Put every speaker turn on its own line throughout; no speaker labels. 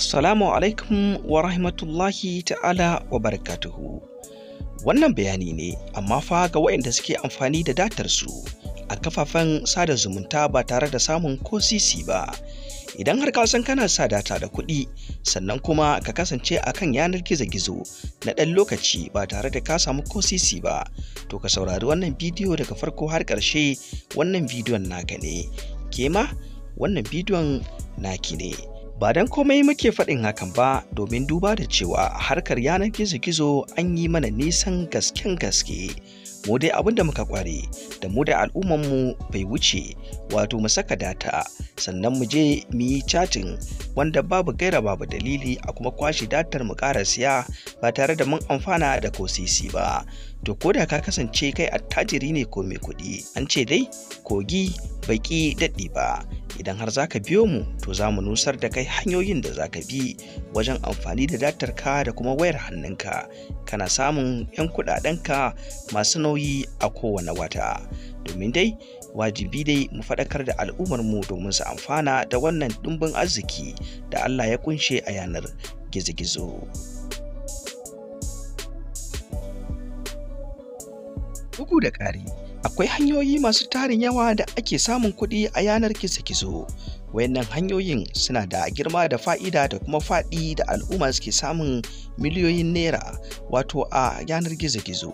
Assalamu alaikum wa rahmatullahi ta'ala wa barakatuhu. Wannan bayani ne amma fa ga waɗanda suke amfani da datar su a kafafen sada zumunta ba tare da samun ko sisi ba. Idan har ka san kana sa data da kuɗi sannan kuma ka kasance a kan yanar gizo-gizo na ɗan lokaci ba tare da ka samu ko sisi ba, to ka saurari wannan bidiyo daga farko har ƙarshe wannan bidiyon naka ne. Ke ma wannan bidiyon naki ne. Ba don komai muke faɗin hakan ba domin duba da cewa harkar yanar gizo-gizo an yi mana nisan gasken gaske. Mu dai abin da muka kware da mu da al'ummanmu bai wuce wato mu saka data sannan mu je mu yi chatin wanda babu gaira babu dalili a kuma kwashe datar mu ƙara siya ba tare da mun amfana da ko sisi ba to ko da ka kasance kai attajiri ne ko mai kuɗi an ce dai kogi baki daɗi ba idan har za ka biyo mu to za mu nusar da kai hanyoyin da za ka bi wajen amfani da datar ka da kuma wayar hannunka kana samun 'yan kuɗaɗenka masu nauyi a kowane wata domin dai wajibi dai mu faɗakar da al'ummar mu domin su amfana da wannan ɗumbin arziki da Allah ya kunshe a yanar gizo-gizo. Bugu da ƙari akwai hanyoyi masu tarin yawa da ake samun kuɗi a yanar gizo-gizo wayannan hanyoyin suna da girma da fa'ida da kuma faɗi da al'umma suke samun miliyoyin naira wato a yanar gizo-gizo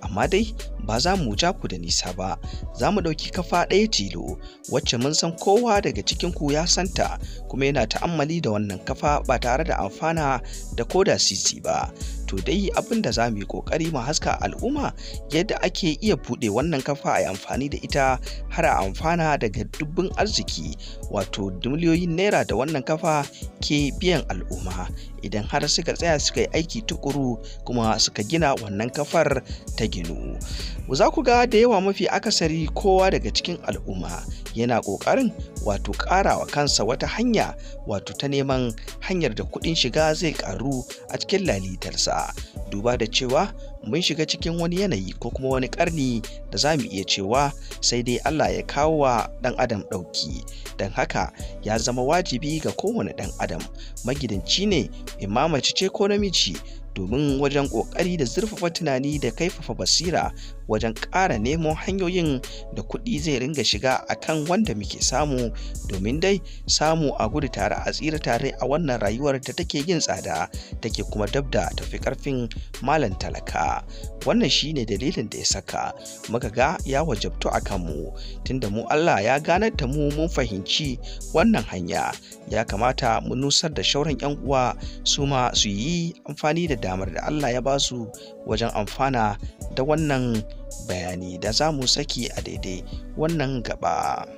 amma dai ba za mu ja ku da nisa ba za mu ɗauki kafa ɗaya tilo wacce mun san kowa daga cikin ku ya santa kuma yana ta'ammali da wannan kafa ba tare da amfana da koda sisi ba wato dai abin da za mu yi kokari mu haska al'umma yadda ake iya buɗe wannan kafa a amfani da ita har a amfana daga dubbin arziki wato miliyoyin naira da wannan kafa ke biyan al'umma idan har suka tsaya suka yi aiki tukuru kuma suka gina wannan kafar ta ginu za ku ga da yawa mafi akasari kowa daga cikin al'umma yana ƙoƙarin wato ƙarawa kansa wata hanya wato ta neman hanyar da kuɗin shiga zai ƙaru a cikin lalitarsa duba da cewa mun shiga cikin wani yanayi ko kuma wani karni da za mu iya cewa sai dai Allah ya kawo wa ɗan adam ɗauki don haka ya zama wajibi ga kowane ɗan adam magidanci ne imamaci ce ko namiji domin wajen ƙoƙari da zurfafa tunani da kaifafa basira wajen ƙara nemo hanyoyin da kuɗi zai ringa shiga a kan wanda muke samu domin dai samu a gudu tare a tsira tare a wannan rayuwar da take yin tsada take kuma dab da tafi ƙarfin malam talaka wannan shine dalilin da ya saka muka ga ya wajabtu a kanmu tunda mu Allah ya ganar da mu mun fahimci wannan hanya ya kamata mu nusar da shauran 'yan uwa su ma su yi amfani da damar da Allah ya basu wajen amfana da wannan bayani da za mu saki a daidai wannan gaba.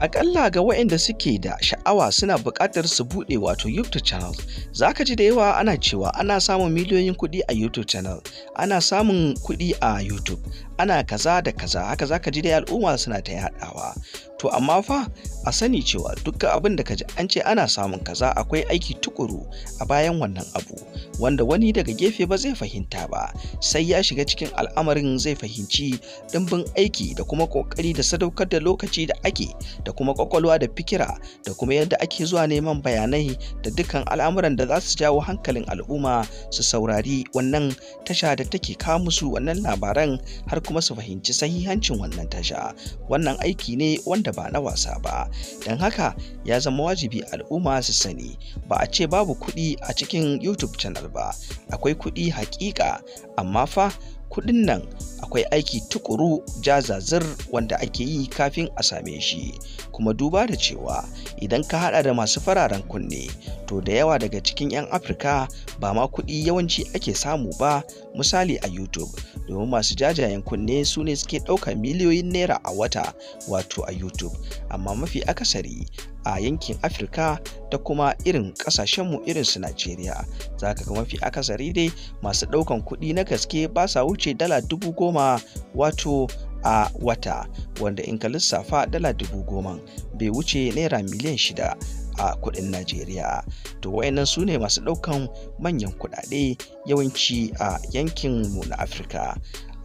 akalla ga waɗanda suke da sha'awa suna buƙatar su buɗe wato YouTube channel. Za ka ji da yawa ana cewa ana samun miliyoyin kuɗi a YouTube channel, ana samun kuɗi a YouTube, ana kaza da kaza haka ka ji dai al'umma suna ta yaɗawa to amma fa a sani cewa dukkan abin da ji an ce ana samun kaza akwai aiki tukuru a bayan wannan abu wanda wani daga gefe ba zai fahimta ba sai ya shiga cikin al'amarin zai fahimci ɗimbin aiki da kuma ƙoƙari da sadaukar da lokaci da ake da kuma ƙwaƙwalwa da fikira da kuma yadda ake zuwa neman bayanai da dukkan al'amuran da za su jawo hankalin al'umma su saurari wannan tasha da take kawo musu wannan labaran har kuma su fahimci sahihancin wannan tasha wannan aiki ne wanda ba na wasa ba don haka ya zama wajibi al'umma su sani ba a ce babu kuɗi a cikin youtube channel ba akwai kuɗi hakika amma fa kuɗin nan akwai aiki tukuru jazazir wanda ake yi kafin a same shi kuma duba da cewa idan ka hada da masu fararen kunne to da yawa daga cikin 'yan afirka ba ma kuɗi yawanci ake samu ba misali a youtube domin masu jajayen kunne su ne suke ɗaukar miliyoyin naira a wata wato a youtube amma mafi akasari a yankin afirka da kuma irin kasashenmu irin su najeriya za ka ga mafi akasari dai masu ɗaukan kuɗi na gaske ba sa wuce dala dubu goma wato a wata wanda in ka lissafa dala dubu goma bai wuce naira miliyan shida a kudin najeriya to wayannan su ne masu daukan manyan kudade yawanci a yankin mu na afirka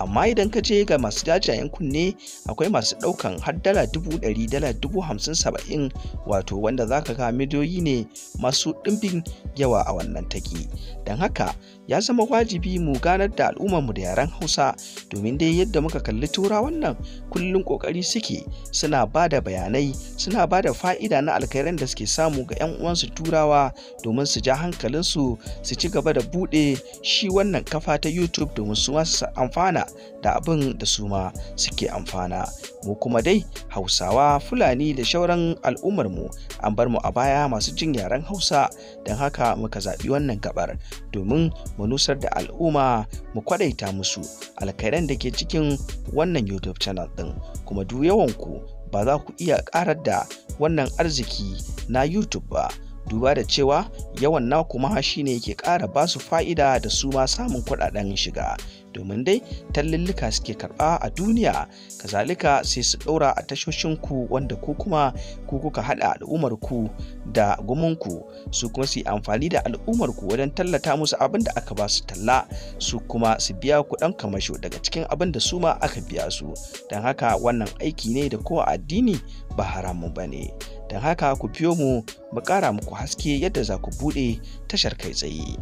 amma idan ka je ga masu jajayen kunne akwai masu ɗaukan har dala dubu ɗari dala dubu hamsin saba'in wato wanda zaka ka ga midoyi ne masu ɗimbin yawa a wannan taki don haka ya zama wajibi mu ganar da al'ummarmu da yaren hausa domin dai yadda muka kalli tura wannan kullum ƙoƙari suke suna ba da bayanai suna ba da fa'ida na alkhairan da suke samu ga 'yan uwansu turawa domin su ja hankalinsu su ci gaba da buɗe shi wannan kafa ta youtube domin su amfana da abin da su ma suke amfana mu kuma dai hausawa fulani da shauran al'ummarmu an bar mu a baya masu jin yaren hausa don haka muka zaɓi wannan gabar domin mu nusar da al'umma mu kwadaita musu alkairan da ke cikin wannan youtube channel ɗin kuma duk yawanku ba za ku iya ƙarar da wannan arziki na youtube ba duba da cewa yawan naku ma shine yake ƙara basu fa'ida da su ma samun kuɗaɗen shiga domin dai tallillika suke karɓa a duniya kazalika sai su ɗaura a tashoshin ku wanda ku kuma ku kuka haɗa al'ummar ku da ku su kuma su yi amfani da al'ummar ku wajen tallata musu abin da aka ba su talla su kuma su biya kuɗan kamasho daga cikin abin da su ma aka biya su don haka wannan aiki ne da kowa addini ba haramun ba ne don haka ku biyo mu mu ƙara muku haske yadda za ku buɗe tashar kai tsaye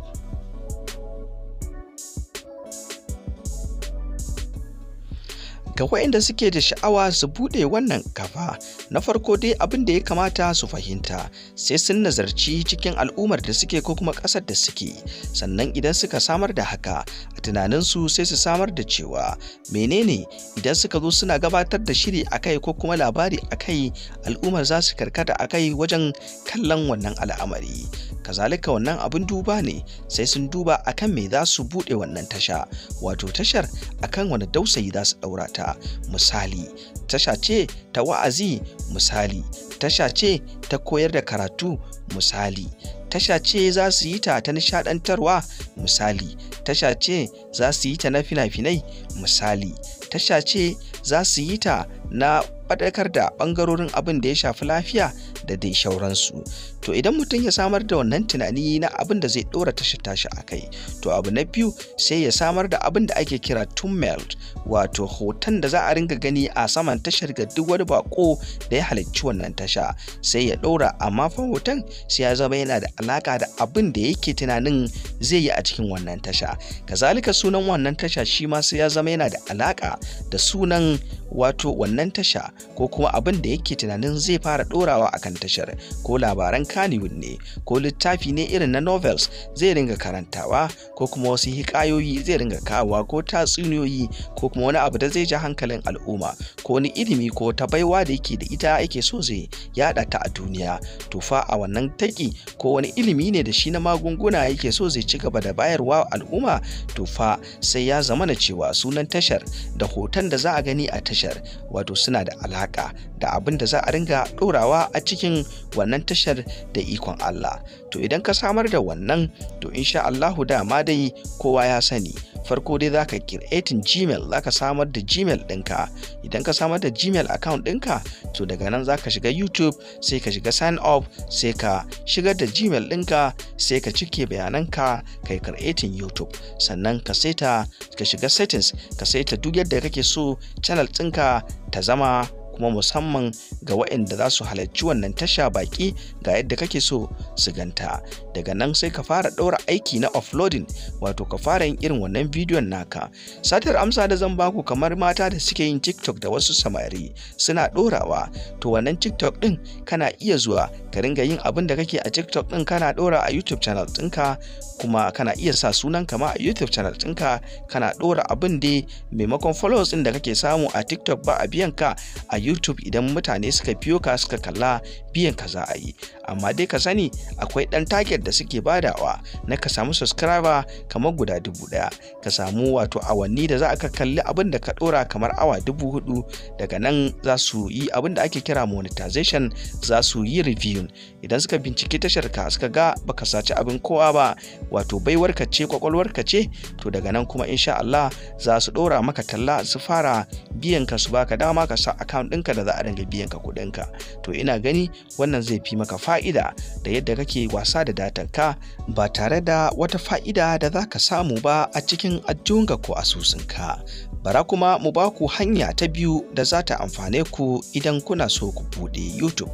ga waɗanda suke da sha'awa su buɗe wannan kafa na farko dai abin da ya kamata su fahimta sai sun nazarci cikin al'ummar da suke ko kuma ƙasar da suke sannan idan suka samar da haka a tunaninsu sai su samar da cewa menene idan suka zo suna gabatar da shiri a kai ko kuma labari a kai al'ummar za su karkata a kai wajen kallon wannan al'amari kazalika wannan abin duba ne sai sun duba akan me za su buɗe wannan tasha wato tashar akan wani dausayi za su daura ta misali tasha ce ta wa'azi misali tasha ce ta koyar da karatu misali tasha ce za su yi ta ta nishadantarwa misali tasha ce za su yi ta na fina-finai misali tasha ce za su yi ta na faɗakar da ɓangarorin abin da ya shafi lafiya da dai shauransu to idan mutum ya samar da wannan tunani na abin da zai ɗora tashi tashi a kai to abu na biyu sai ya samar da abin da ake kira tumelt wato hoton da za a ringa gani a saman tashar ga duk wani bako da ya halicci wannan tasha sai ya ɗora amma fa hoton sai ya zama yana da alaka da abin da yake tunanin zai yi a cikin wannan tasha kazalika sunan wannan tasha shi ma sai ya zama yana da alaka da sunan wato wannan tasha ko kuma abin da yake tunanin zai fara ɗorawa akan kan tashar ko labaran kaniwood ne ko littafi ne irin na novels zai ringa karantawa ko kuma wasu hikayoyi zai ringa kawowa ko tatsuniyoyi ko kuma wani abu da zai ji hankalin al'umma ko wani ilimi ko ta baiwa da yake da ita yake so zai yada ta a duniya to fa a wannan taki ko wani ilimi ne da shi na magunguna yake so zai ci gaba da bayarwa al'umma to fa sai ya zama na cewa sunan tashar da hoton da za a gani a tashar wato suna da alaka da abin da za a ringa dorawa a ciki aikin wannan tashar da ikon Allah to idan ka samar da wannan to insha Allahu dama dai kowa ya sani farko dai za ka kiretin gmail za ka samar da gmail ɗinka idan ka samar da gmail account ɗinka to daga nan za ka shiga youtube sai ka shiga sign up sai ka shigar da gmail ɗinka sai ka cike bayananka kai kiretin youtube sannan ka saita ka shiga settings ka saita duk yadda kake so channel ɗinka ta zama kuma musamman ga waɗanda za su halarci wannan tasha baki ga yadda kake so su ganta daga nan sai ka fara ɗaura aiki na offloading wato ka fara yin irin wannan bidiyon naka satar amsa da zan baku kamar mata da suke yin tiktok da wasu samari suna ɗorawa to wannan tiktok ɗin kana iya zuwa ka ringa yin abin da kake a tiktok ɗin kana ɗora a youtube channel ɗinka kuma kana iya sa sunan kama a youtube channel ɗinka kana ɗora abin da maimakon followers ɗin da kake samu a tiktok ba a biyan ka a youtube idan mutane suka biyo ka suka kalla biyan ka za a yi amma dai ka sani akwai ɗan target da suke badawa na ka samu subscriber kamar guda dubu ɗaya ka samu wato awanni da za a kalli abin da ka ɗora kamar awa dubu hudu daga nan za su yi abin da ake kira monetization za su yi review idan suka binciki tashar ka suka ga baka saci abin kowa ba wato baiwar ka ce kwakwalwar ka ce to daga nan kuma insha Allah za su ɗora maka talla su fara biyan ka su baka dama ka sa account ɗinka da za a dinga biyan ka kuɗin ka to ina gani wannan zai fi maka fa'ida da yadda kake wasa da datar ka ba tare da wata fa'ida da za ka samu ba a cikin ajiyunka ko asusunka bara kuma mu ba ku hanya ta biyu da za ta amfane ku idan kuna so ku buɗe youtube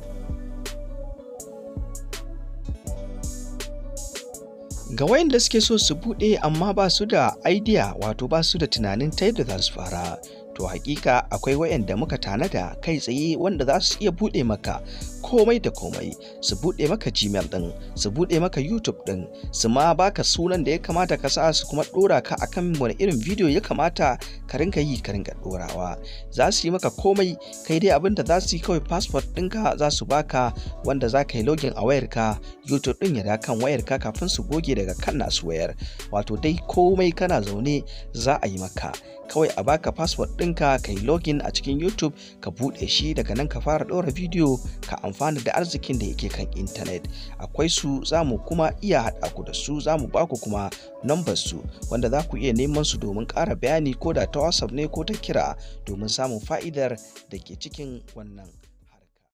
ga wayanda suke so su buɗe amma ba su da idea wato ba su da tunanin ta yadda za su fara to hakika akwai wayanda muka tanada kai tsaye wanda za su iya buɗe maka komai da komai su buɗe maka gmail ɗin su buɗe maka youtube ɗin su ma baka sunan da ya kamata ka sa su kuma ɗora ka akan wani irin video ya kamata ka rinka yi ka rinka ɗorawa za su yi maka komai kai dai abinda za su yi kawai passport ɗinka za su baka wanda za ka yi login a wayarka youtube ɗin ya da kan wayarka kafin su goge daga kan nasu wayar wato dai komai kana zaune za a yi maka kawai a baka passport ɗin ɗinka ka yi login a cikin youtube ka buɗe shi daga nan ka fara ɗora bidiyo ka amfana da arzikin da yake kan intanet akwai su za mu kuma iya haɗa ku da su za mu baku kuma nambar su wanda za ku iya neman su domin ƙara bayani ko da ta whatsapp ne ko ta kira domin samun fa'idar da ke cikin wannan